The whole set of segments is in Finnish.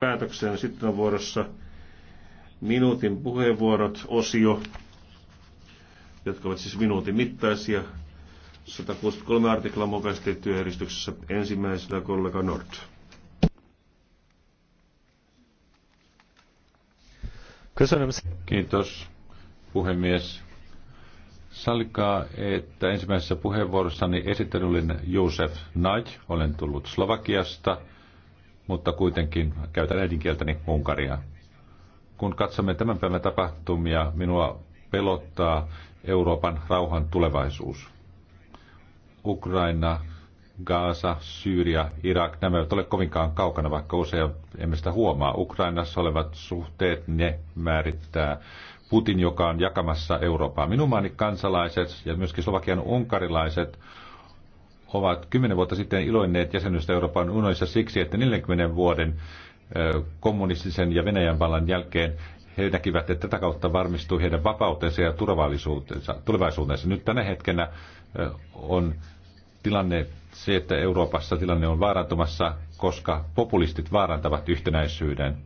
päätökseen. Sitten on vuorossa minuutin puheenvuorot, osio, jotka ovat siis minuutin mittaisia. 163 artikla mukaisesti työjärjestyksessä ensimmäisellä kollega Nord. Kiitos puhemies. Sallikaa, että ensimmäisessä puheenvuorossani esittelyllinen Josef Naj olen tullut Slovakiasta – mutta kuitenkin käytän äidinkieltäni Unkaria. Kun katsomme tämän päivän tapahtumia, minua pelottaa Euroopan rauhan tulevaisuus. Ukraina, Gaasa, Syyria, Irak, nämä eivät ole kovinkaan kaukana, vaikka usein emme sitä huomaa. Ukrainassa olevat suhteet, ne määrittää Putin, joka on jakamassa Eurooppaa. Minun maani kansalaiset ja myöskin slovakian unkarilaiset ovat kymmenen vuotta sitten iloinneet jäsenyystä Euroopan unionissa siksi, että 40 vuoden kommunistisen ja Venäjän vallan jälkeen he näkivät, että tätä kautta varmistuu heidän vapautensa ja turvallisuutensa, tulevaisuudessa. Nyt tänä hetkenä on tilanne se, että Euroopassa tilanne on vaarantumassa, koska populistit vaarantavat yhtenäisyyden.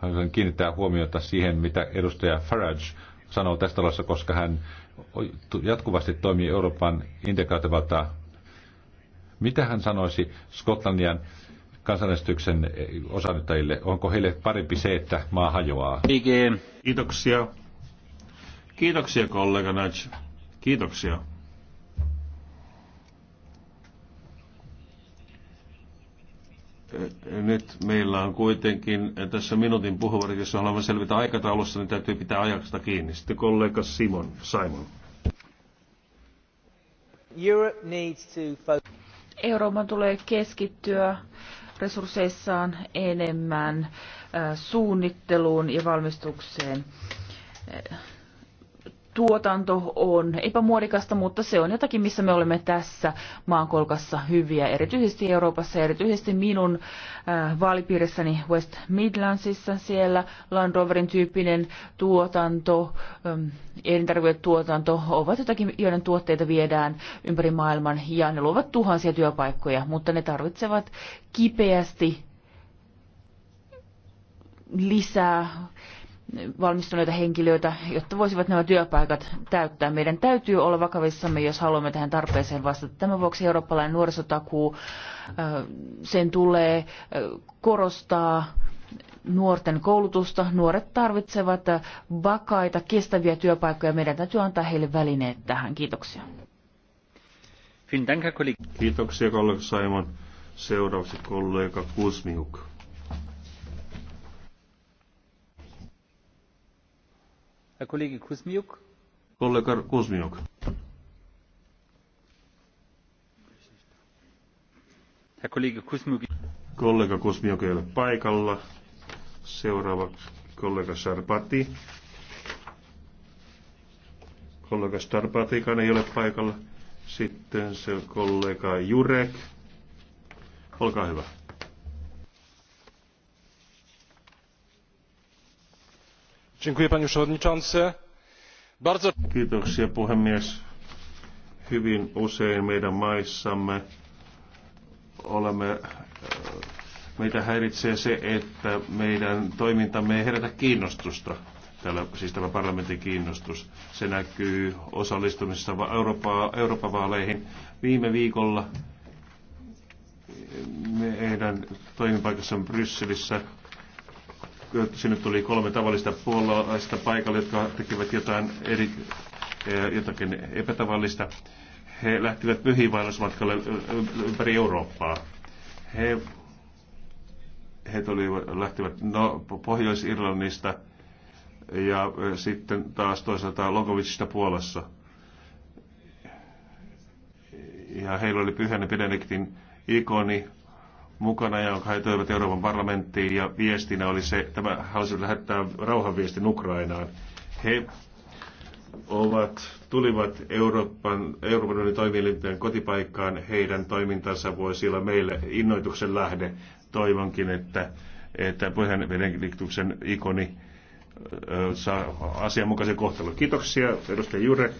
Haluan kiinnittää huomiota siihen, mitä edustaja Farage sanoo tästä talossa, koska hän jatkuvasti toimii Euroopan integraativalta. Mitä hän sanoisi Skotlannian kansanäänestyksen osanottajille? Onko heille parempi se, että maa hajoaa? Kiitoksia. Kiitoksia kollega Nudge. Kiitoksia. nyt meillä on kuitenkin tässä minuutin puheenvuoro, jos haluamme selvitä aikataulussa, niin täytyy pitää ajasta kiinni. Sitten kollega Simon, Simon. Euroopan tulee keskittyä resursseissaan enemmän äh, suunnitteluun ja valmistukseen tuotanto on epämuodikasta, mutta se on jotakin, missä me olemme tässä maankolkassa hyviä, erityisesti Euroopassa, erityisesti minun äh, vaalipiirissäni West Midlandsissa siellä Land Roverin tyyppinen tuotanto, ähm, elintarviketuotanto ovat jotakin, joiden tuotteita viedään ympäri maailman ja ne luovat tuhansia työpaikkoja, mutta ne tarvitsevat kipeästi lisää valmistuneita henkilöitä, jotta voisivat nämä työpaikat täyttää. Meidän täytyy olla vakavissamme, jos haluamme tähän tarpeeseen vastata. Tämän vuoksi eurooppalainen nuorisotakuu, sen tulee korostaa nuorten koulutusta. Nuoret tarvitsevat vakaita, kestäviä työpaikkoja. Meidän täytyy antaa heille välineet tähän. Kiitoksia. Kiitoksia kollega Simon. Seuraavaksi kollega Kuzmiuk. Kollega Kuzmiuk. Kollega Kuzmiuk. Kollega Kuzmiuk. Kollega Kuzmiuk ei ole paikalla. Seuraavaksi kollega Sarpati. Kollega Starpatikan ei ole paikalla. Sitten se kollega Jurek. Olkaa hyvä. panie przewodniczący! puhemies. Hyvin usein meidän maissamme olemme, meitä häiritsee se, että meidän toimintamme ei herätä kiinnostusta, täällä, siis tämä parlamentin kiinnostus. Se näkyy osallistumisessa Euroopan vaaleihin. Viime viikolla meidän toimipaikassamme Brysselissä sinne tuli kolme tavallista puolalaista paikalle, jotka tekivät jotain eri, eh, jotakin epätavallista. He lähtivät pyhiinvaellusmatkalle eh, eh, ympäri Eurooppaa. He, he tuli, lähtivät no, Pohjois-Irlannista ja sitten taas toisaalta Logovicista Puolassa. Ja heillä oli pyhänä Benediktin ikoni, mukana ja he toivat Euroopan parlamenttiin ja viestinä oli se, tämä halusi lähettää rauhanviestin Ukrainaan. He ovat, tulivat Euroopan, Euroopan unionin toimielinten kotipaikkaan, heidän toimintansa voisi olla meille innoituksen lähde. Toivonkin, että, että Pohjanvedenkliktuksen ikoni saa asianmukaisen kohtelun. Kiitoksia edustaja Jure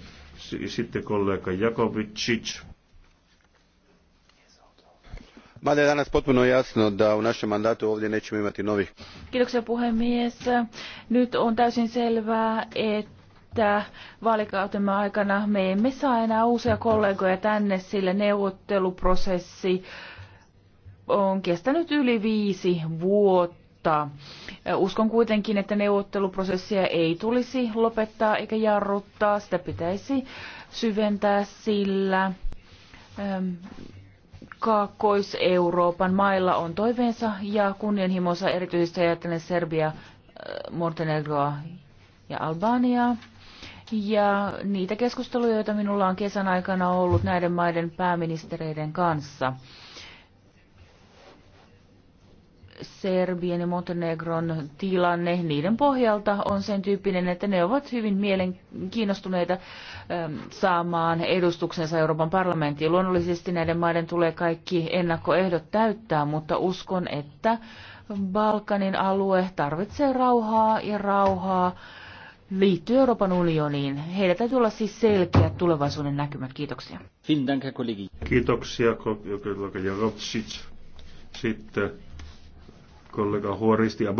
sitten kollega Jakovicic mada je danas potpuno jasno da u našem mandatu ovdje nećemo imati novih. puhemies. Nyt on täysin selvää, että vaalikautemme aikana me emme saa enää uusia kollegoja tänne, sillä neuvotteluprosessi on kestänyt yli viisi vuotta. Uskon kuitenkin, että neuvotteluprosessia ei tulisi lopettaa eikä jarruttaa. Sitä pitäisi syventää sillä Kaakkois-Euroopan mailla on toiveensa ja kunnianhimonsa erityisesti ajatellen Serbia, äh, Montenegroa ja Albaniaa. Ja niitä keskusteluja, joita minulla on kesän aikana ollut näiden maiden pääministereiden kanssa. Serbian ja Montenegron tilanne niiden pohjalta on sen tyyppinen, että ne ovat hyvin mielenkiinnostuneita ähm, saamaan edustuksensa Euroopan parlamenttiin. Luonnollisesti näiden maiden tulee kaikki ennakkoehdot täyttää, mutta uskon, että Balkanin alue tarvitsee rauhaa ja rauhaa liittyy Euroopan unioniin. Heillä täytyy olla siis selkeät tulevaisuuden näkymät. Kiitoksia. Kiitoksia, Sitten kollega Huoristi ja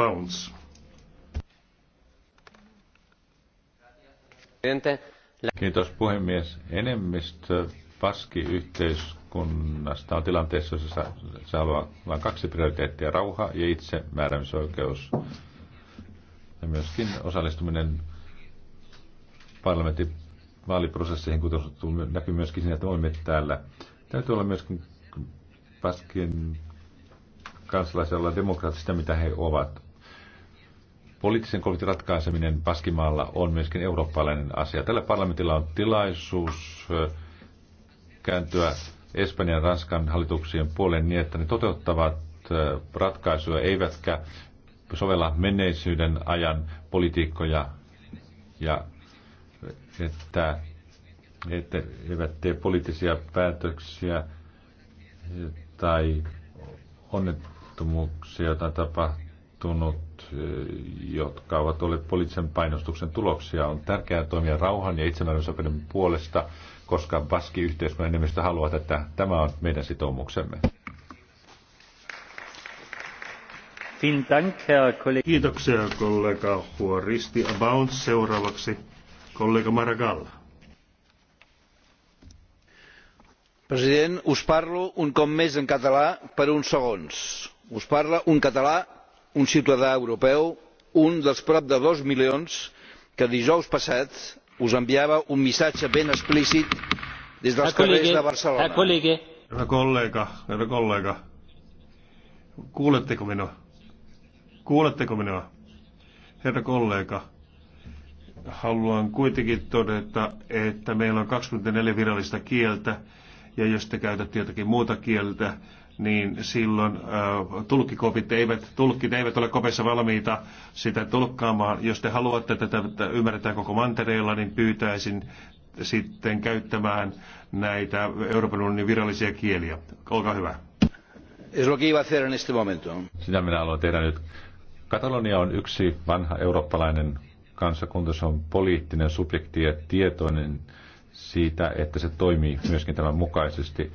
Kiitos puhemies. Enemmistö paskiyhteiskunnasta on tilanteessa, jossa se haluaa vain kaksi prioriteettia, rauha ja itsemääräämisoikeus. Ja myöskin osallistuminen parlamentin vaaliprosesseihin, kuten näkyy myöskin siinä, että olemme täällä. Täytyy olla myöskin Paskin kansalaisella demokraattista, mitä he ovat. Poliittisen konfliktin ratkaiseminen Paskimaalla on myöskin eurooppalainen asia. Tällä parlamentilla on tilaisuus kääntyä Espanjan ja Ranskan hallituksien puoleen niin, että ne toteuttavat ratkaisuja, eivätkä sovella menneisyyden ajan politiikkoja ja että, että eivät tee poliittisia päätöksiä tai onnet, onnettomuuksia, tai tapahtunut, eh, jotka ovat olleet poliittisen painostuksen tuloksia. On tärkeää toimia rauhan ja itsenäisyyden puolesta, koska Baski yhteiskunnan enemmistö haluaa että Tämä on meidän sitoumuksemme. Kiitoksia kollega Huoristi Abounds. Seuraavaksi kollega Maragall. President, us parlo un cop més en català per uns segons us parla un català un ciutadà europeu un dels prop de dos milions que dijous passat us enviava un missatge ben explícit des dels carrers de Barcelona. Hyvä kollega, hyvä kollega. Kuuletteko minua? Kuuletteko minua? Herra kollega, haluan kuitenkin todeta, että meillä on 24 virallista kieltä, ja jos te käytätte jotakin muuta kieltä, niin silloin tulkkikopit eivät, tulkkit eivät ole kopeissa valmiita sitä tulkkaamaan. Jos te haluatte tätä, tätä ymmärretään koko mantereella, niin pyytäisin sitten käyttämään näitä Euroopan unionin virallisia kieliä. Olkaa hyvä. Sitä minä haluan tehdä nyt. Katalonia on yksi vanha eurooppalainen kansakunta. Se on poliittinen subjekti ja tietoinen siitä, että se toimii myöskin tämän mukaisesti.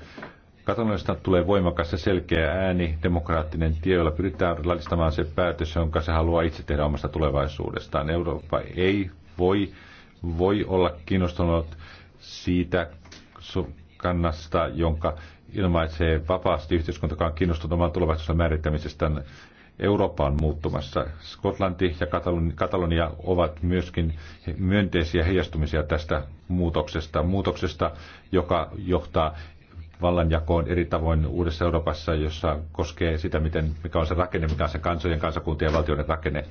Katalonista tulee voimakas ja selkeä ääni, demokraattinen tie, jolla pyritään laillistamaan se päätös, jonka se haluaa itse tehdä omasta tulevaisuudestaan. Eurooppa ei voi, voi olla kiinnostunut siitä kannasta, jonka ilmaisee vapaasti on kiinnostunut oman tulevaisuuden määrittämisestä. Eurooppa on muuttumassa. Skotlanti ja Katalonia ovat myöskin myönteisiä heijastumisia tästä muutoksesta. Muutoksesta, joka johtaa vallanjakoon eri tavoin uudessa Euroopassa, jossa koskee sitä, miten, mikä on se rakenne, mikä on se kansojen, kansakuntien ja valtioiden rakenne.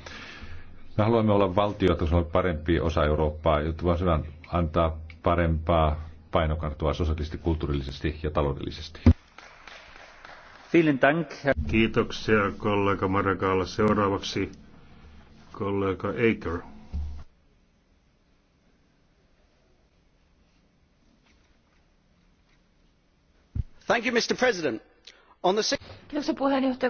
Me haluamme olla valtiota, se on parempi osa Eurooppaa, jotta voidaan antaa parempaa painokartua sosiaalisesti, kulttuurillisesti ja taloudellisesti. Kiitoksia kollega Marakaalla. Seuraavaksi kollega Aker. mr president on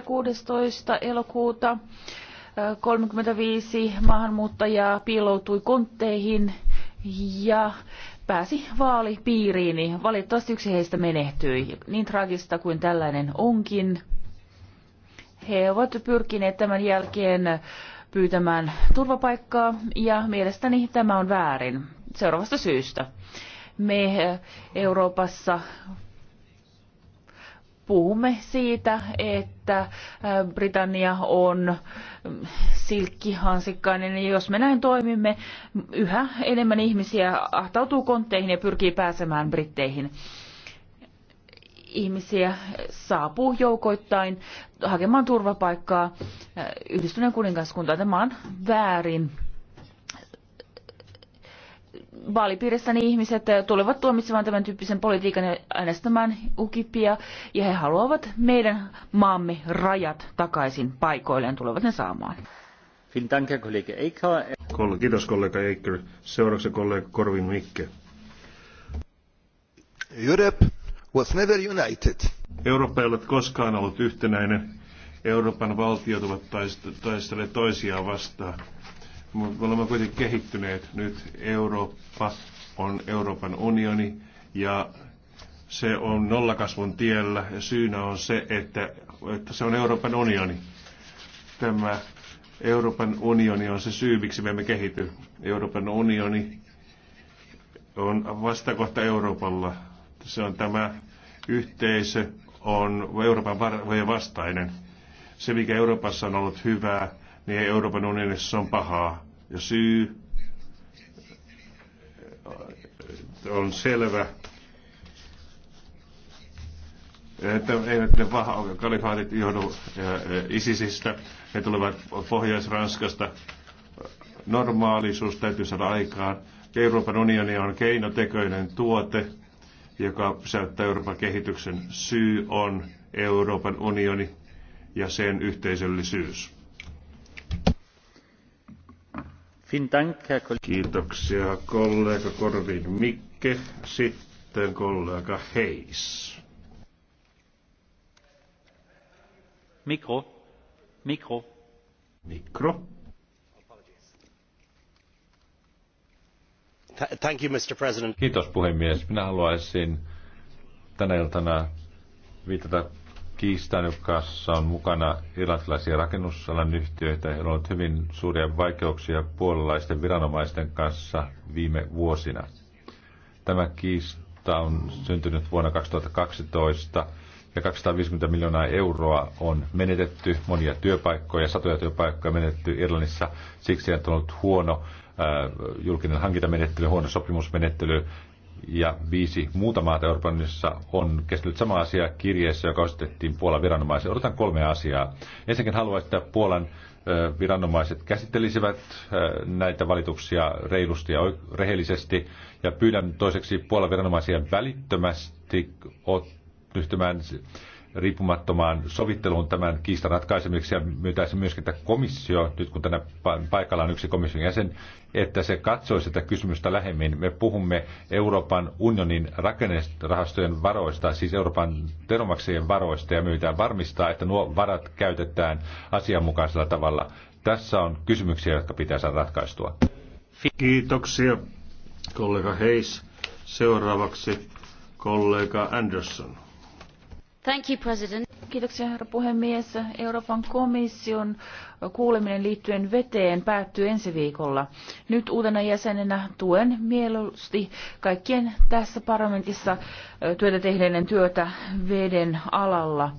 kuusitoista elokuuta äh, kolmekymmentäviisi maahanmuuttajaa piiloutui kontteihin ja pääsi vaalipiiriini. Niin valitettavasti yksi heistä menehtyi. niin traagista kuin tällainen onkin he ovat pyrkineet tämän jälkeen pyytämään turvapaikkaa ja mielestäni tämä on väärin seuraavasta syystä. Me äh, Euroopassa puhumme siitä, että äh, Britannia on mm, silkkihansikkainen ja jos me näin toimimme, yhä enemmän ihmisiä ahtautuu kontteihin ja pyrkii pääsemään britteihin. Ihmisiä saapuu joukoittain hakemaan turvapaikkaa äh, yhdistyneen kuningaskuntaan. Tämä on väärin vaalipiirissäni ihmiset tulevat tuomitsemaan tämän tyyppisen politiikan ja äänestämään ukipia ja he haluavat meidän maamme rajat takaisin paikoilleen, tulevat ne saamaan. Kiitos kollega Eicker. Seuraavaksi kollega Korvin Mikke. Europe was never united. Eurooppa ei ole koskaan ollut yhtenäinen. Euroopan valtiot ovat taistelleet toisiaan vastaan me olemme kuitenkin kehittyneet. Nyt Eurooppa on Euroopan unioni ja se on nollakasvun tiellä. Syynä on se, että, että se on Euroopan unioni. Tämä Euroopan unioni on se syy, miksi me emme kehity. Euroopan unioni on vastakohta Euroopalla. Se on tämä yhteisö, on Euroopan vastainen. Se, mikä Euroopassa on ollut hyvää, niin Euroopan unionissa on pahaa. Ja syy on selvä. Että eivät ne kalifaatit johdu äh, ISISistä, he tulevat Pohjois-Ranskasta. Normaalisuus täytyy saada aikaan. Euroopan unioni on keinotekoinen tuote, joka säyttää Euroopan kehityksen. Syy on Euroopan unioni ja sen yhteisöllisyys. Kiitoksia kollega Korvin Mikke. Sitten kollega Heis. Mikro. Mikro. Mikro. Thank you, Mr. President. Kiitos puhemies. Minä haluaisin tänä iltana viitata kiistaan, jossa on mukana irlantilaisia rakennusalan yhtiöitä, Heillä on ollut hyvin suuria vaikeuksia puolalaisten viranomaisten kanssa viime vuosina. Tämä kiista on syntynyt vuonna 2012 ja 250 miljoonaa euroa on menetetty, monia työpaikkoja, satoja työpaikkoja menetetty Irlannissa siksi, on ollut huono äh, julkinen hankintamenettely, huono sopimusmenettely ja viisi muuta maata Euroopan unionissa on käsitellyt sama asia kirjeessä, joka osoitettiin Puolan viranomaisille. Odotan kolme asiaa. Ensinnäkin haluaisin, että Puolan viranomaiset käsittelisivät näitä valituksia reilusti ja rehellisesti. Ja pyydän toiseksi Puolan viranomaisia välittömästi ryhtymään riippumattomaan sovitteluun tämän kiistan ratkaisemiseksi ja myytäisiin myöskin, että komissio, nyt kun tänä paikalla on yksi komission jäsen, että se katsoisi tätä kysymystä lähemmin. Me puhumme Euroopan unionin rakennerahastojen varoista, siis Euroopan teromaksien varoista ja myytään varmistaa, että nuo varat käytetään asianmukaisella tavalla. Tässä on kysymyksiä, jotka pitää saada ratkaistua. Kiitoksia, kollega Heis. Seuraavaksi kollega Anderson arvoisa Kiitoksia, puhemies. Euroopan komission kuuleminen liittyen veteen päättyy ensi viikolla. Nyt uutena jäsenenä tuen mieluusti kaikkien tässä parlamentissa työtä tehneiden työtä veden alalla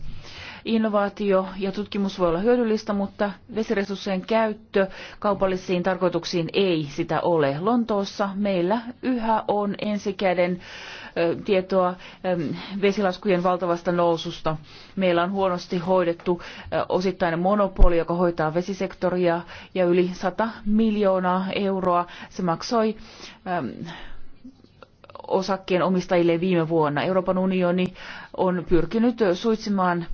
innovaatio ja tutkimus voi olla hyödyllistä, mutta vesiresurssien käyttö kaupallisiin tarkoituksiin ei sitä ole. Lontoossa meillä yhä on ensikäden tietoa vesilaskujen valtavasta noususta. Meillä on huonosti hoidettu osittainen monopoli, joka hoitaa vesisektoria ja yli 100 miljoonaa euroa se maksoi osakkeen omistajille viime vuonna. Euroopan unioni on pyrkinyt suitsimaan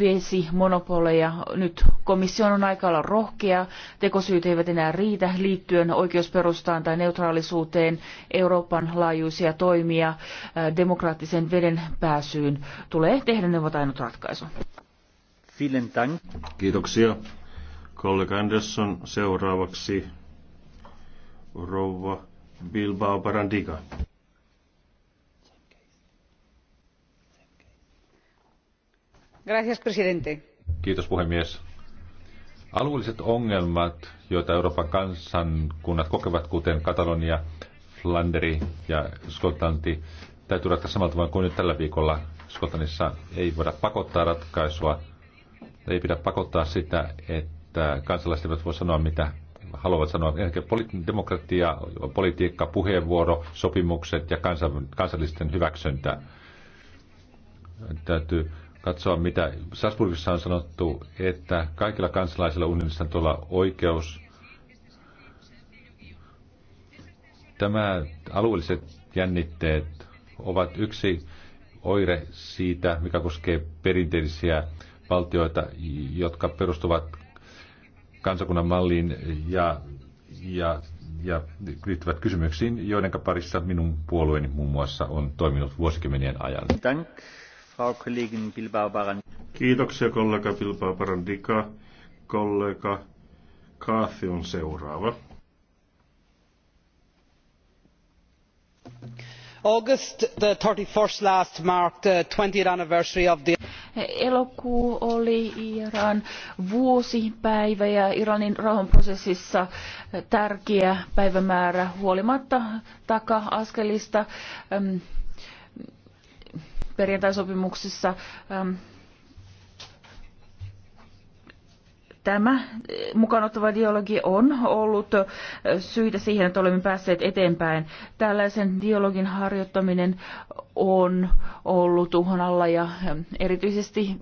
vesimonopoleja. Nyt komission on aika olla rohkea. Tekosyyt eivät enää riitä liittyen oikeusperustaan tai neutraalisuuteen Euroopan laajuisia toimia äh, demokraattisen veden pääsyyn. Tulee tehdä ne ovat ainut ratkaisu. Kiitoksia. Kollega Andersson, seuraavaksi rouva Bilbao Barandiga. Gracias, presidente. Kiitos puhemies. Alueelliset ongelmat, joita Euroopan kansankunnat kokevat, kuten Katalonia, Flanderi ja Skotlanti, täytyy ratkaista samalla tavalla kuin nyt tällä viikolla Skotlannissa. Ei voida pakottaa ratkaisua, ei pidä pakottaa sitä, että kansalaiset eivät voi sanoa, mitä haluavat sanoa. Poliittinen demokratia, politiikka, puheenvuoro, sopimukset ja kansallisten hyväksyntä. Täytyy katsoa, mitä Salzburgissa on sanottu, että kaikilla kansalaisilla unionissa on tuolla oikeus. Tämä alueelliset jännitteet ovat yksi oire siitä, mikä koskee perinteisiä valtioita, jotka perustuvat kansakunnan malliin ja, ja, ja liittyvät kysymyksiin, joiden parissa minun puolueeni muun muassa on toiminut vuosikymmenien ajan. Thank. Kiitoksia kollega Bilbao Barandika. Kollega Kaathi on seuraava. August the 31st last marked the 20th anniversary of the Elokuu oli Iran vuosipäivä ja Iranin rauhanprosessissa tärkeä päivämäärä huolimatta taka-askelista perjantaisopimuksissa ähm, tämä mukaanottava dialogi on ollut syitä siihen, että olemme päässeet eteenpäin. Tällaisen dialogin harjoittaminen on ollut uhan alla ja ähm, erityisesti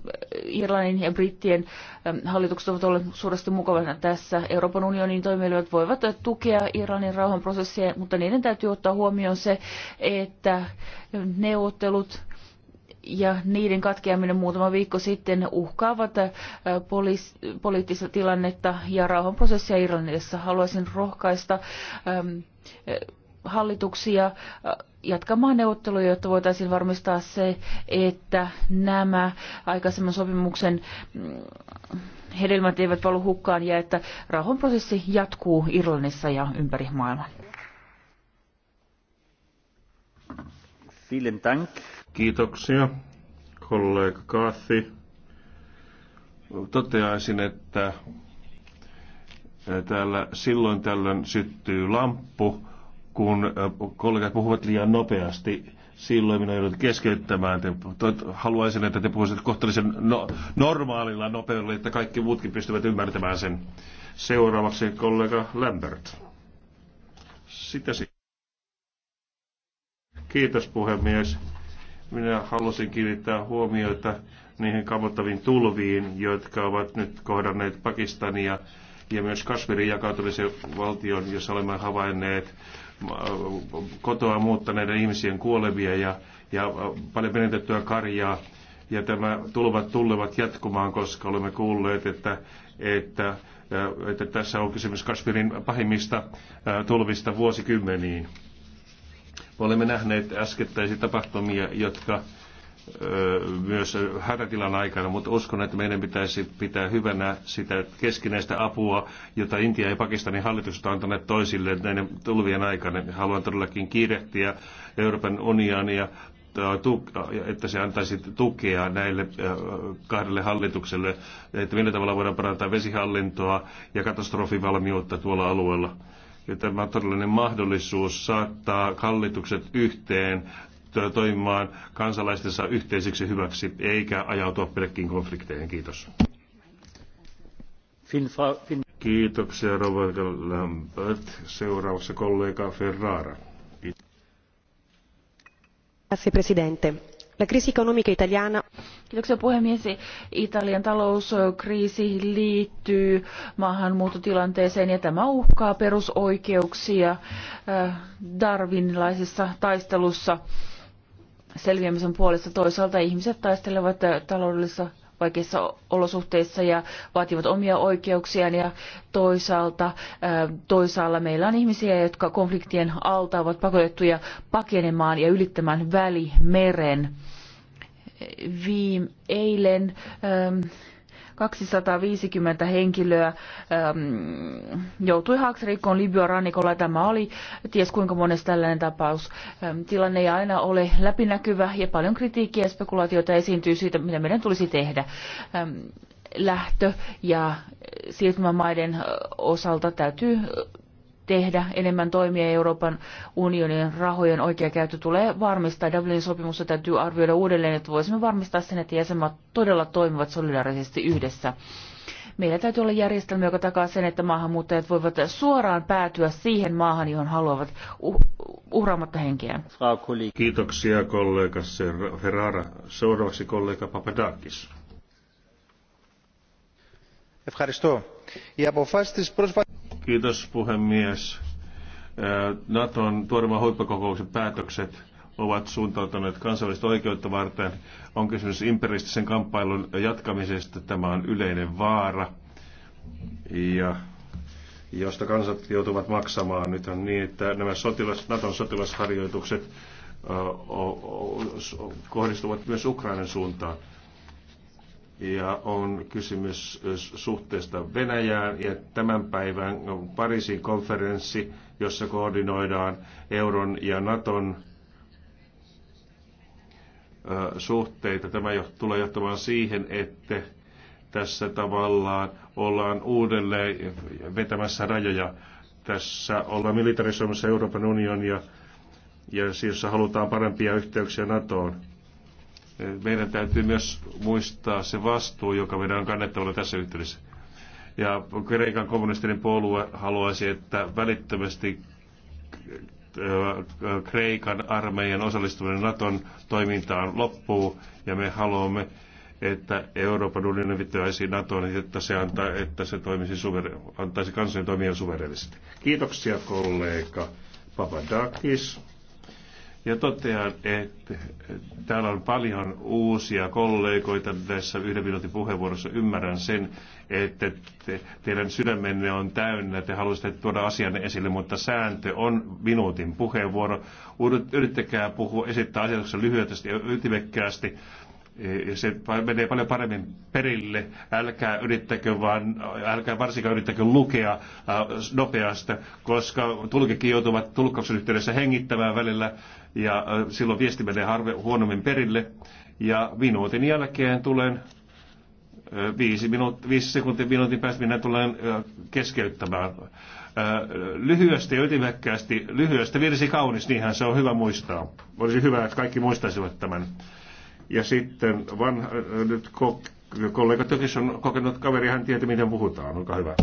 Irlannin ja brittien ähm, hallitukset ovat olleet suuresti mukavana tässä. Euroopan unionin toimijat voivat tukea Irlannin rauhanprosessia, mutta niiden täytyy ottaa huomioon se, että neuvottelut ja niiden katkeaminen muutama viikko sitten uhkaavat äh, poliis- poliittista tilannetta ja rauhanprosessia Irlannissa. Haluaisin rohkaista ähm, äh, hallituksia äh, jatkamaan neuvotteluja, jotta voitaisiin varmistaa se, että nämä aikaisemman sopimuksen mm, hedelmät eivät valu hukkaan ja että rauhanprosessi jatkuu Irlannissa ja ympäri maailmaa. Vielen Dank. Kiitoksia, kollega Kaathi. Toteaisin, että täällä silloin tällöin syttyy lamppu, kun äh, kollegat puhuvat liian nopeasti. Silloin minä joudun keskeyttämään. Te, haluaisin, että te puhuisitte kohtalaisen no, normaalilla nopeudella, että kaikki muutkin pystyvät ymmärtämään sen. Seuraavaksi kollega Lambert. Sitä si- Kiitos puhemies minä halusin kiinnittää huomiota niihin kammottaviin tulviin, jotka ovat nyt kohdanneet Pakistania ja myös Kasmirin jakautumisen valtion, jossa olemme havainneet äh, kotoa muuttaneiden ihmisien kuolevia ja, ja äh, paljon menetettyä karjaa. Ja tämä tulvat tulevat jatkumaan, koska olemme kuulleet, että, että, äh, että tässä on kysymys Kasmirin pahimmista tulvista vuosikymmeniin. Me olemme nähneet äskettäisiä tapahtumia, jotka myös hätätilan aikana, mutta uskon, että meidän pitäisi pitää hyvänä sitä keskinäistä apua, jota Intia ja Pakistanin hallitus on antaneet toisille näiden tulvien aikana. Haluan todellakin kiirehtiä Euroopan unionia että se antaisi tukea näille kahdelle hallitukselle, että millä tavalla voidaan parantaa vesihallintoa ja katastrofivalmiutta tuolla alueella. Ja tämä todellinen mahdollisuus saattaa hallitukset yhteen toimimaan kansalaistensa yhteiseksi hyväksi, eikä ajautua pelkkiin konflikteihin. Kiitos. Finfa, fin... Kiitoksia Robert Lambert. Seuraavaksi kollega Ferrara. Grazie Presidente arvoisa puhemies. Italian talouskriisi liittyy maahanmuuttotilanteeseen ja tämä uhkaa perusoikeuksia äh, darwinilaisessa taistelussa selviämisen puolesta. Toisaalta ihmiset taistelevat äh, taloudellisissa vaikeissa olosuhteissa ja vaativat omia oikeuksiaan ja toisaalta äh, toisaalla meillä on ihmisiä, jotka konfliktien alta ovat pakotettuja pakenemaan ja ylittämään välimeren viime, eilen ähm, 250 henkilöä ähm, joutui haaksirikkoon Libyan rannikolla. Tämä oli ties kuinka monessa tällainen tapaus. Ähm, tilanne ei aina ole läpinäkyvä ja paljon kritiikkiä ja spekulaatioita esiintyy siitä, mitä meidän tulisi tehdä. Ähm, lähtö- ja siirtymämaiden osalta täytyy tehdä enemmän toimia Euroopan unionin rahojen oikea käyttö tulee varmistaa. Dublinin sopimusta täytyy arvioida uudelleen, että voisimme varmistaa sen, että jäsenmaat todella toimivat solidaarisesti yhdessä. Meillä täytyy olla järjestelmä, joka takaa sen, että maahanmuuttajat voivat suoraan päätyä siihen maahan, johon haluavat uh, uhraamatta henkeä. Kiitoksia kollega Ferrara. Seuraavaksi kollega Papadakis. Ευχαριστώ. Οι Kiitos puhemies. Naton tuoreman huippakokouksen päätökset ovat suuntautuneet kansainvälistä oikeutta varten. On kysymys imperialistisen kamppailun jatkamisesta. Tämä on yleinen vaara, ja josta kansat joutuvat maksamaan. Nyt on niin, että nämä sotilas, Naton sotilasharjoitukset kohdistuvat myös Ukrainan suuntaan ja on kysymys suhteesta Venäjään ja tämän päivän Pariisin konferenssi, jossa koordinoidaan euron ja Naton suhteita. Tämä tulee johtamaan siihen, että tässä tavallaan ollaan uudelleen vetämässä rajoja. Tässä ollaan militarisoimassa Euroopan unionia ja siis halutaan parempia yhteyksiä NATOon meidän täytyy myös muistaa se vastuu, joka meidän on kannettavana tässä yhteydessä. Ja Kreikan kommunistinen puolue haluaisi, että välittömästi äh, Kreikan armeijan osallistuminen Naton toimintaan loppuu ja me haluamme, että Euroopan unioni vetoaisi Natoon, että se, antaa, että se toimisi suver- antaisi kansojen toimia suverellisesti. Kiitoksia kollega Papadakis. Ja totean, että täällä on paljon uusia kollegoita tässä yhden minuutin puheenvuorossa. Ymmärrän sen, että te, teidän sydämenne on täynnä, te haluaisitte tuoda asian esille, mutta sääntö on minuutin puheenvuoro. Yrittäkää puhua, esittää asiaksen lyhyesti ja ytimekkäästi Eh, se menee paljon paremmin perille. Älkää yrittäkö vaan, älkää varsinkaan yrittäkö lukea äh, nopeasta, koska tulkikin joutuvat tulkkauksen yhteydessä hengittämään välillä ja äh, silloin viesti menee harve, huonommin perille. Ja minuutin jälkeen tulen äh, viisi, minuut, viisi sekuntia minuutin päästä minä tulen keskeyttämään. Lyhyesti ja ytimekkäästi, lyhyesti, virsi kaunis, niinhän se on hyvä muistaa. Olisi hyvä, että kaikki muistaisivat tämän. Ja sitten vanha, nyt kollega Tökis on kokenut kaveri, hän tietää miten puhutaan. Olkaa hyvä.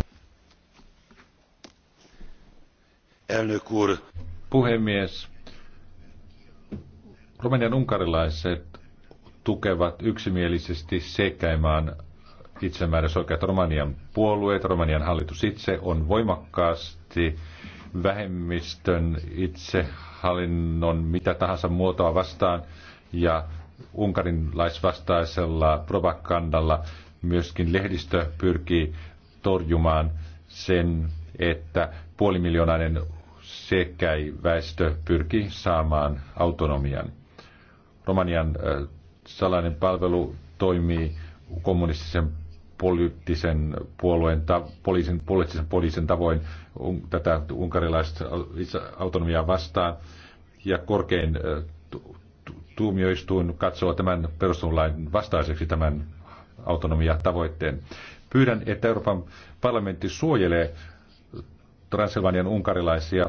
Puhemies. Romanian unkarilaiset tukevat yksimielisesti sekäimään itsemääräisoikeutta. Romanian puolueet, Romanian hallitus itse on voimakkaasti vähemmistön itsehallinnon mitä tahansa muotoa vastaan ja unkarinlaisvastaisella propagandalla myöskin lehdistö pyrkii torjumaan sen, että puolimiljoonainen väestö pyrkii saamaan autonomian. Romanian salainen palvelu toimii kommunistisen poliittisen puolueen, ta, poliisin, poliittisen poliisin tavoin un, tätä unkarilaista autonomiaa vastaan. Ja korkein tuomioistuin katsoo tämän perustuslain vastaiseksi tämän autonomiatavoitteen. Pyydän, että Euroopan parlamentti suojelee Transilvanian unkarilaisia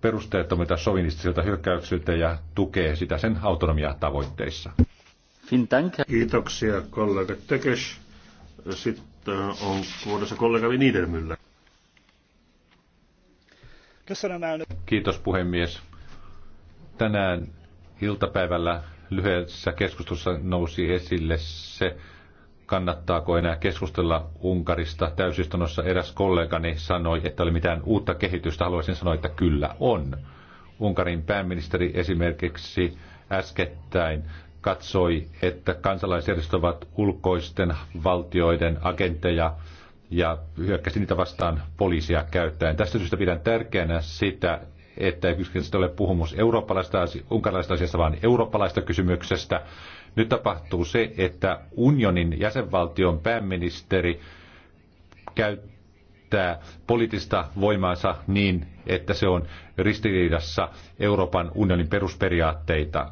perusteettomilta sovinistisilta hyökkäyksiltä ja tukee sitä sen autonomiatavoitteissa. Kiitoksia kollega Tekes. Sitten äh, on vuodessa kollega Niedermüller. Kiitos puhemies. Tänään Iltapäivällä lyhyessä keskustelussa nousi esille se, kannattaako enää keskustella Unkarista. Täysistunnossa eräs kollegani sanoi, että oli mitään uutta kehitystä. Haluaisin sanoa, että kyllä on. Unkarin pääministeri esimerkiksi äskettäin katsoi, että kansalaisjärjestöt ovat ulkoisten valtioiden agentteja ja hyökkäsi niitä vastaan poliisia käyttäen. Tästä syystä pidän tärkeänä sitä, että kyseessä ole puhumus eurooppalaista, unkarilaisesta asiasta, vaan eurooppalaista kysymyksestä. Nyt tapahtuu se, että unionin jäsenvaltion pääministeri käyttää poliittista voimaansa niin, että se on ristiriidassa Euroopan unionin perusperiaatteita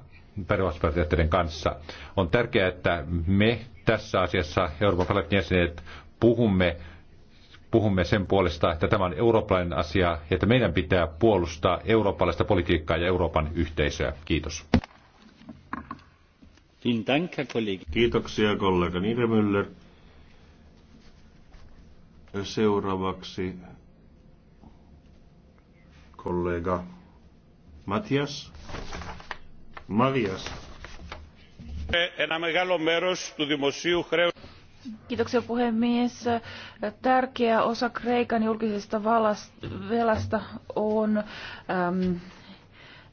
perusperiaatteiden kanssa. On tärkeää, että me tässä asiassa Euroopan parlamentin jäsenet puhumme puhumme sen puolesta, että tämä on eurooppalainen asia ja että meidän pitää puolustaa eurooppalaista politiikkaa ja Euroopan yhteisöä. Kiitos. Kiitoksia kollega Niedermüller. Seuraavaksi kollega Matias. Marias. Ένα μεγάλο μέρος του δημοσίου χρέους Kiitoksia puhemies. Tärkeä osa Kreikan julkisesta velasta on äm,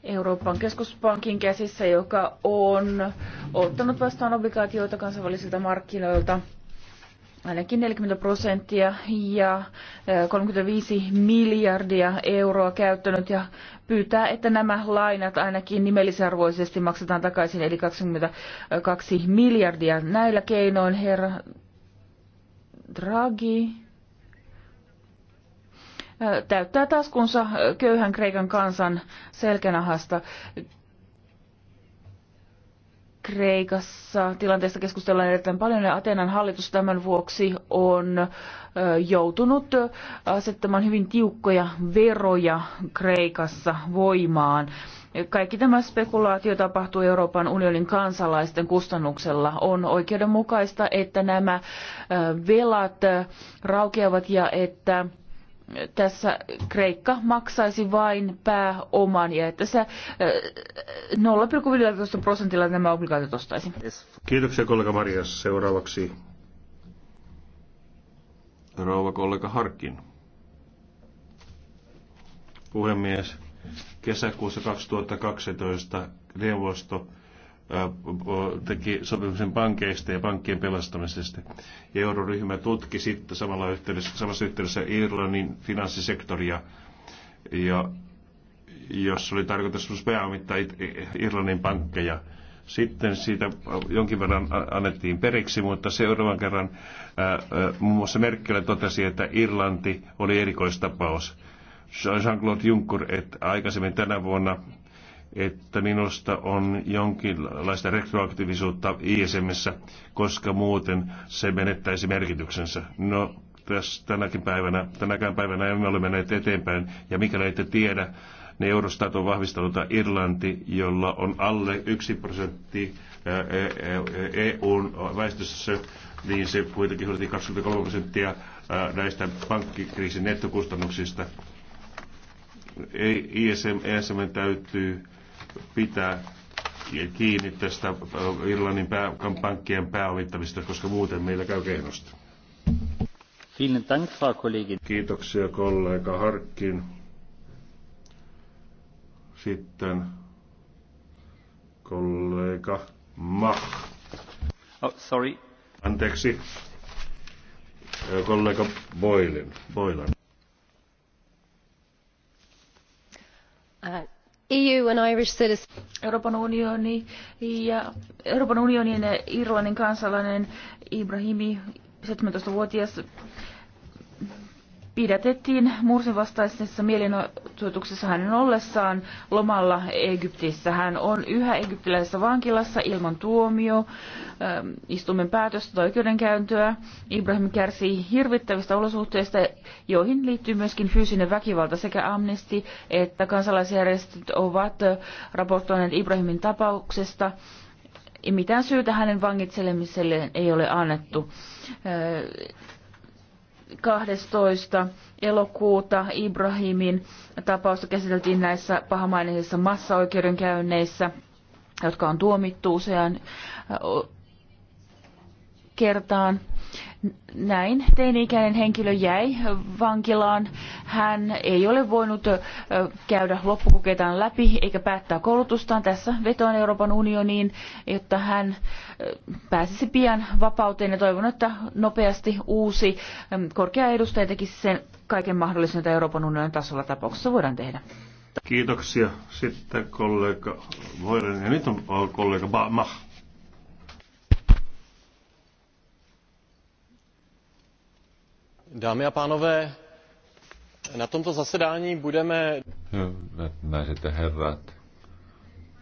Euroopan keskuspankin käsissä, joka on ottanut vastaan obligaatioita kansainvälisiltä markkinoilta – ainakin 40 prosenttia ja 35 miljardia euroa käyttänyt ja pyytää, että nämä lainat ainakin nimellisarvoisesti maksetaan takaisin, eli 22 miljardia. Näillä keinoin herra Draghi täyttää taskunsa köyhän Kreikan kansan selkänahasta. Kreikassa tilanteesta keskustellaan erittäin paljon ja Atenan hallitus tämän vuoksi on joutunut asettamaan hyvin tiukkoja veroja Kreikassa voimaan. Kaikki tämä spekulaatio tapahtuu Euroopan unionin kansalaisten kustannuksella. On oikeudenmukaista, että nämä velat raukeavat ja että tässä Kreikka maksaisi vain pääoman ja että se 0,15 prosentilla nämä obligaatiot ostaisi. Kiitoksia kollega Maria. Seuraavaksi rouva kollega Harkin. Puhemies, kesäkuussa 2012 neuvosto teki sopimuksen pankeista ja pankkien pelastamisesta. Ja euroryhmä tutki sitten samalla yhteydessä, samassa yhteydessä Irlannin finanssisektoria, ja jos oli tarkoitus pääomittaa Irlannin pankkeja. Sitten siitä jonkin verran annettiin periksi, mutta seuraavan kerran muun mm. Merkel totesi, että Irlanti oli erikoistapaus. Jean-Claude Juncker, että aikaisemmin tänä vuonna että minusta on jonkinlaista retroaktiivisuutta ISMissä, koska muuten se menettäisi merkityksensä. No, tässä tänäkin päivänä, tänäkään päivänä emme ole menneet eteenpäin, ja mikäli ette tiedä, ne niin Eurostat on vahvistanut Irlanti, jolla on alle 1 prosentti EUn väestössä, niin se kuitenkin hoiti 23 prosenttia näistä pankkikriisin nettokustannuksista. ISM, ESM täytyy pitää kiinni tästä äh, Irlannin pää, pankkien pääomittamista, koska muuten meillä käy kehnosti. Kiitoksia kollega Harkkin. Sitten kollega Mach. Oh, sorry. Anteeksi. Äh, kollega Boilin. Boilan. Uh äh, EU and Irish Euroopan unioni ja Euroopan unionin Irlannin kansalainen Ibrahimi, 17-vuotias, pidätettiin mursin vastaisessa mielenosoituksessa hänen ollessaan lomalla Egyptissä. Hän on yhä egyptiläisessä vankilassa ilman tuomio, ähm, istumen päätöstä tai oikeudenkäyntöä. Ibrahim kärsii hirvittävistä olosuhteista, joihin liittyy myöskin fyysinen väkivalta. Sekä amnesti, että kansalaisjärjestöt ovat äh, raportoineet Ibrahimin tapauksesta mitään syytä hänen vangitselemiselleen ei ole annettu. Äh, 12. elokuuta Ibrahimin tapausta käsiteltiin näissä pahamaineisissa massaoikeudenkäynneissä, jotka on tuomittu useaan kertaan. Näin teini-ikäinen henkilö jäi vankilaan. Hän ei ole voinut käydä loppukokeitaan läpi eikä päättää koulutustaan. Tässä vetoan Euroopan unioniin, jotta hän pääsisi pian vapauteen ja toivon, että nopeasti uusi korkea edustaja tekisi sen kaiken mahdollisen, mitä Euroopan unionin tasolla tapauksessa voidaan tehdä. Kiitoksia. Sitten kollega Voiren ja nyt on kollega Bach. Dámy a pánové, na tomto zasedání budeme... Hyvät naiset ja herrat,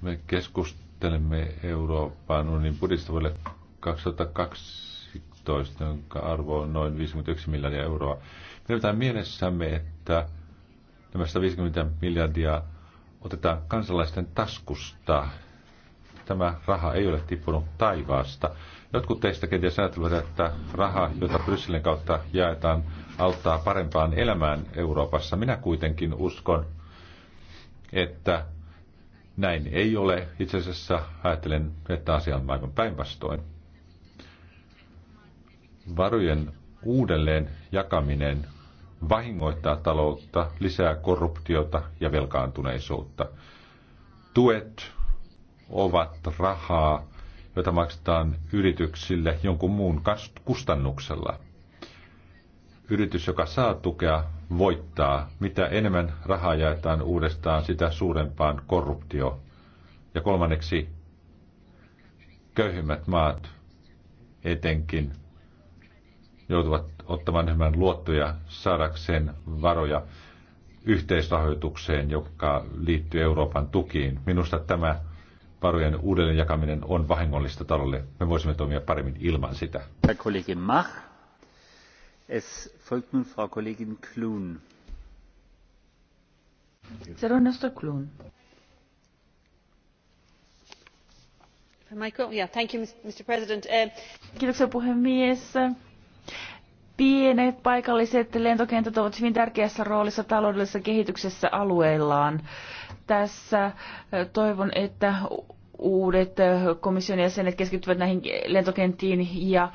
me keskustelemme Euroopan unionin budjetista vuodelle 2012, jonka arvo on noin 51 miljardia euroa. Pidetään mielessämme, että nämä 150 miljardia otetaan kansalaisten taskusta tämä raha ei ole tippunut taivaasta. Jotkut teistä kenties ajattelevat, että raha, jota Brysselin kautta jaetaan, auttaa parempaan elämään Euroopassa. Minä kuitenkin uskon, että näin ei ole. Itse asiassa ajattelen, että asia on aivan päinvastoin. Varojen uudelleen jakaminen vahingoittaa taloutta, lisää korruptiota ja velkaantuneisuutta. Tuet, ovat rahaa, jota maksetaan yrityksille jonkun muun kustannuksella. Yritys, joka saa tukea, voittaa. Mitä enemmän rahaa jaetaan uudestaan, sitä suurempaan korruptio. Ja kolmanneksi, köyhimmät maat etenkin joutuvat ottamaan enemmän luottoja saadakseen varoja yhteisrahoitukseen, joka liittyy Euroopan tukiin. Minusta tämä varojen uudelleenjakaminen on vahingollista talolle. Me voisimme toimia paremmin ilman sitä. Mach. Es folgt nun Frau Kollegin Klun. Er Klun. Mr. President. Uh, Kiitoksia puhemies. Pienet paikalliset lentokentät ovat hyvin tärkeässä roolissa taloudellisessa kehityksessä alueillaan tässä toivon, että uudet komission jäsenet keskittyvät näihin lentokenttiin ja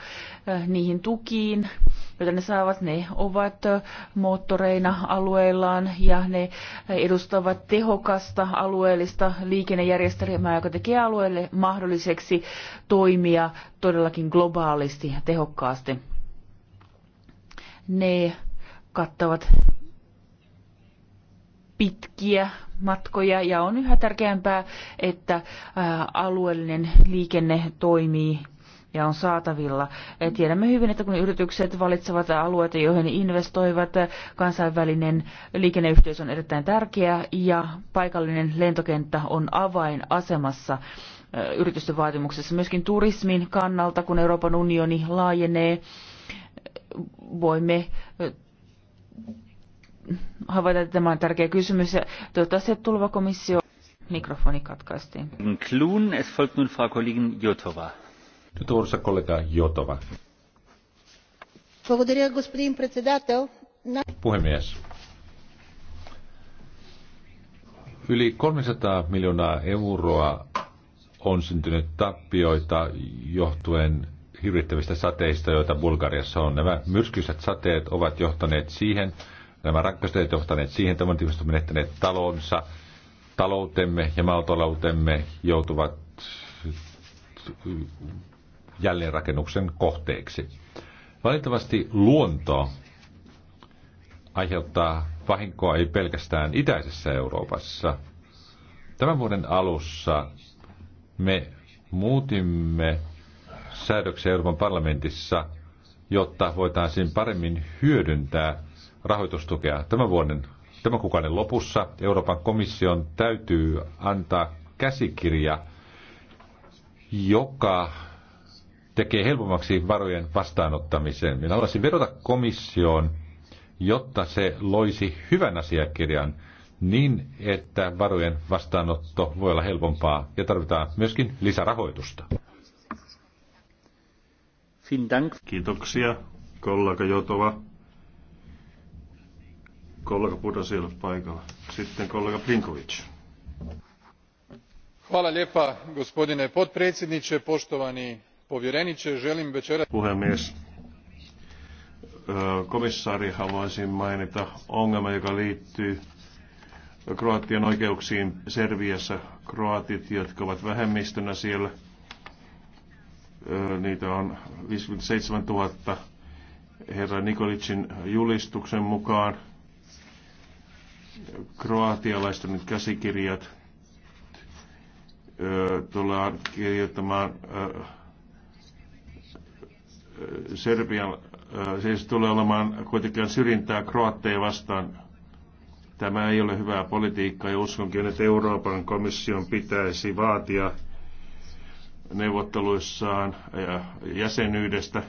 eh, niihin tukiin, joita ne saavat. Ne ovat eh, moottoreina alueillaan ja ne eh, edustavat tehokasta alueellista liikennejärjestelmää, joka tekee alueelle mahdolliseksi toimia todellakin globaalisti ja tehokkaasti. Ne kattavat pitkiä matkoja ja on yhä tärkeämpää, että alueellinen liikenne toimii ja on saatavilla. Tiedämme hyvin, että kun yritykset valitsevat alueita, joihin investoivat, kansainvälinen liikenneyhteys on erittäin tärkeä ja paikallinen lentokenttä on avainasemassa yritysten vaatimuksessa. Myöskin turismin kannalta, kun Euroopan unioni laajenee, voimme havaita, että tämä on tärkeä kysymys. Ja toivottavasti että tuleva komissio mikrofoni katkaistiin. Kluun, es folgt nun Frau Kollegin Jotova. Nyt Ursa kollega Jotova. Puhemies. Yli 300 miljoonaa euroa on syntynyt tappioita johtuen hirvittävistä sateista, joita Bulgariassa on. Nämä myrskyiset sateet ovat johtaneet siihen, Nämä rankaiset ovat johtaneet siihen, että monet ihmiset ovat menettäneet talonsa, taloutemme ja maataloutemme joutuvat jälleenrakennuksen kohteeksi. Valitettavasti luonto aiheuttaa vahinkoa ei pelkästään itäisessä Euroopassa. Tämän vuoden alussa me muutimme säädöksiä Euroopan parlamentissa, jotta voitaisiin paremmin hyödyntää rahoitustukea. Tämän vuoden, tämän kuukauden lopussa Euroopan komission täytyy antaa käsikirja, joka tekee helpommaksi varojen vastaanottamisen. Minä haluaisin vedota komissioon, jotta se loisi hyvän asiakirjan niin, että varojen vastaanotto voi olla helpompaa ja tarvitaan myöskin lisärahoitusta. Kiitoksia, kollega Jotova. Kollega Budas ei ole paikalla. Sitten kollega Plinković. Hvala lijepa gospodine potpredsjedniče, poštovani povjereniče, želim večeras... Puhemies, komissaari haluaisin mainita ongelma, joka liittyy Kroatian oikeuksiin Serviassa. Kroatit, jotka ovat vähemmistönä siellä, niitä on 57 000 herra Nikolicin julistuksen mukaan – kroatialaisten käsikirjat tullaan kirjoittamaan Serbian, siis tulee olemaan kuitenkin syrjintää kroatteja vastaan. Tämä ei ole hyvää politiikkaa ja uskonkin, että Euroopan komission pitäisi vaatia neuvotteluissaan ja jäsenyydestä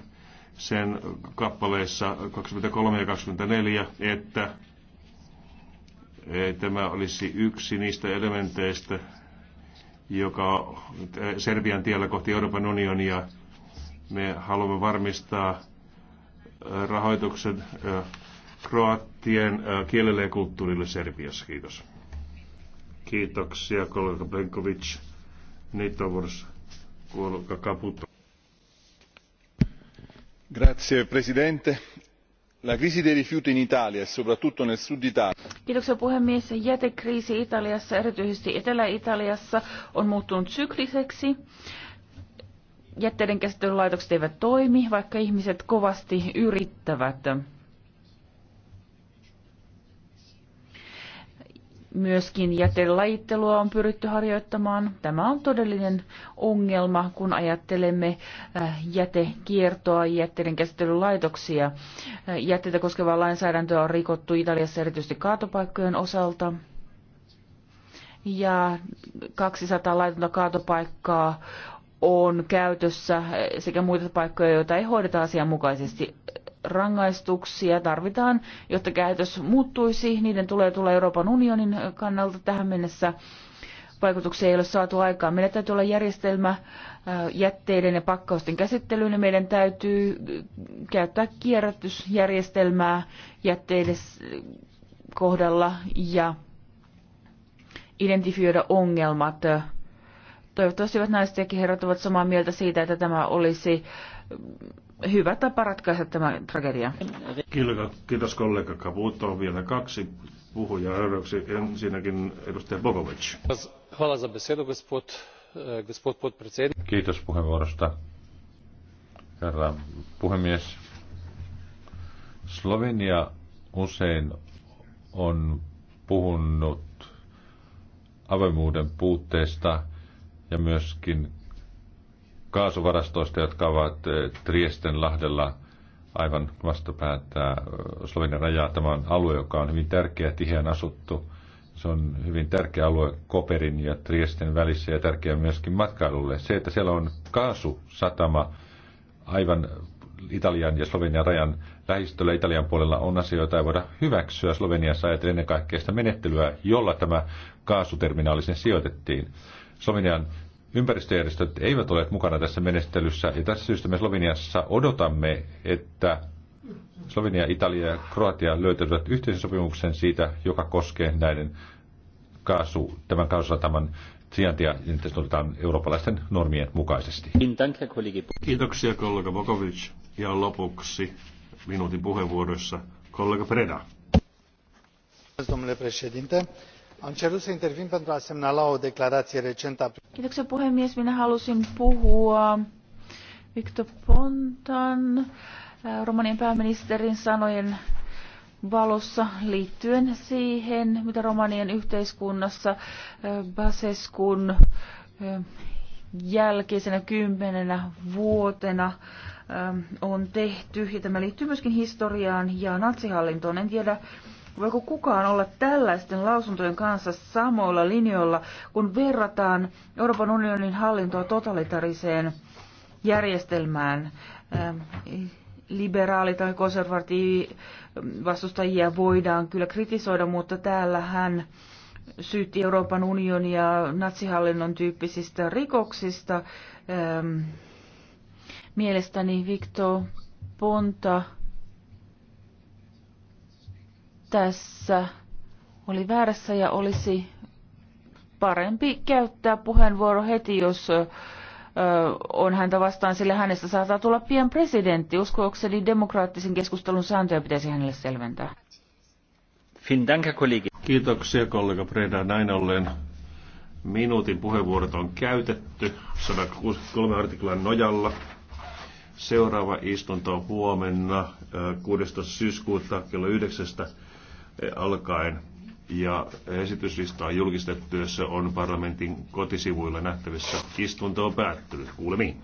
sen kappaleissa 23 ja 24, että tämä olisi yksi niistä elementeistä, joka Serbian tiellä kohti Euroopan unionia. Me haluamme varmistaa äh, rahoituksen äh, kroattien äh, kielelle ja kulttuurille Serbiassa. Kiitos. Kiitoksia, kollega Plenkovic. Nyt on vuorossa kollega Caputo. Grazie, presidente. La crisi dei rifiuti in Italia e soprattutto nel sud Italia. puhemies. Jätekriisi Italiassa, erityisesti Etelä-Italiassa, on muuttunut sykliseksi jätteiden käsittelylaitokset eivät toimi, vaikka ihmiset kovasti yrittävät. Myöskin jätelajittelua on pyritty harjoittamaan. Tämä on todellinen ongelma, kun ajattelemme äh, jätekiertoa ja jätteiden käsittelylaitoksia. Äh, jätteitä koskevaa lainsäädäntöä on rikottu Italiassa erityisesti kaatopaikkojen osalta. Ja 200 laitonta kaatopaikkaa on käytössä äh, sekä muita paikkoja, joita ei hoideta asianmukaisesti rangaistuksia tarvitaan, jotta käytös muuttuisi. Niiden tulee tulla Euroopan unionin kannalta tähän mennessä. Vaikutuksia ei ole saatu aikaan. Meillä täytyy olla järjestelmä äh, jätteiden ja pakkausten käsittelyyn ja meidän täytyy äh, käyttää kierrätysjärjestelmää jätteiden äh, kohdalla ja identifioida ongelmat. Toivottavasti hyvät naiset ja herrat ovat samaa mieltä siitä, että tämä olisi hyvä tapa ratkaista tämä tragedia. Kiitos, kiitos kollega Kavuto. vielä kaksi puhujaa euroksi. Ensinnäkin edustaja Bogovic. Eh, kiitos puheenvuorosta, herra puhemies. Slovenia usein on puhunut avoimuuden puutteesta ja myöskin kaasuvarastoista, jotka ovat eh, Triesten lahdella aivan vastapäätä eh, Slovenian rajaa. Tämä on alue, joka on hyvin tärkeä, tiheän asuttu. Se on hyvin tärkeä alue Koperin ja Triesten välissä ja tärkeä myöskin matkailulle. Se, että siellä on kaasusatama aivan Italian ja Slovenian rajan lähistöllä Italian puolella on asioita, ei voida hyväksyä Sloveniassa ajatellen ennen kaikkea sitä menettelyä, jolla tämä kaasuterminaali sen sijoitettiin. Slovenian ympäristöjärjestöt eivät ole mukana tässä menestelyssä. Ja tässä syystä me Sloveniassa odotamme, että Slovenia, Italia ja Kroatia löytävät yhteisösopimuksen siitä, joka koskee näiden kaasu, tämän kaasusataman sijaintia, että se otetaan eurooppalaisten normien mukaisesti. Kiitoksia kollega Bokovic. Ja lopuksi minuutin puheenvuorossa kollega Preda. Domnule președinte, am cerut să intervin pentru a semnala o declarație recentă Kiitoksia puhemies. Minä halusin puhua Viktor Pontan Romanian pääministerin sanojen valossa liittyen siihen, mitä Romanian yhteiskunnassa Baseskun jälkeisenä kymmenenä vuotena on tehty. Ja tämä liittyy myöskin historiaan ja natsihallintoon. En tiedä, Voiko kukaan olla tällaisten lausuntojen kanssa samoilla linjoilla, kun verrataan Euroopan unionin hallintoa totalitariseen järjestelmään? Ähm, liberaali- tai konservatiivivastustajia voidaan kyllä kritisoida, mutta täällä hän syytti Euroopan unionia natsihallinnon tyyppisistä rikoksista. Ähm, mielestäni Viktor Ponta tässä oli väärässä ja olisi parempi käyttää puheenvuoro heti, jos on häntä vastaan, sillä hänestä saattaa tulla pian presidentti. Uskoakseni demokraattisen keskustelun sääntöjä pitäisi hänelle selventää. Kiitoksia kollega Preda. Näin ollen minuutin puheenvuorot on käytetty 163 artiklan nojalla. Seuraava istunto on huomenna 16. syyskuuta kello 9 alkaen ja esityslista on julkistettu, jossa on parlamentin kotisivuilla nähtävissä. Istunto on päättynyt. Kuulemiin.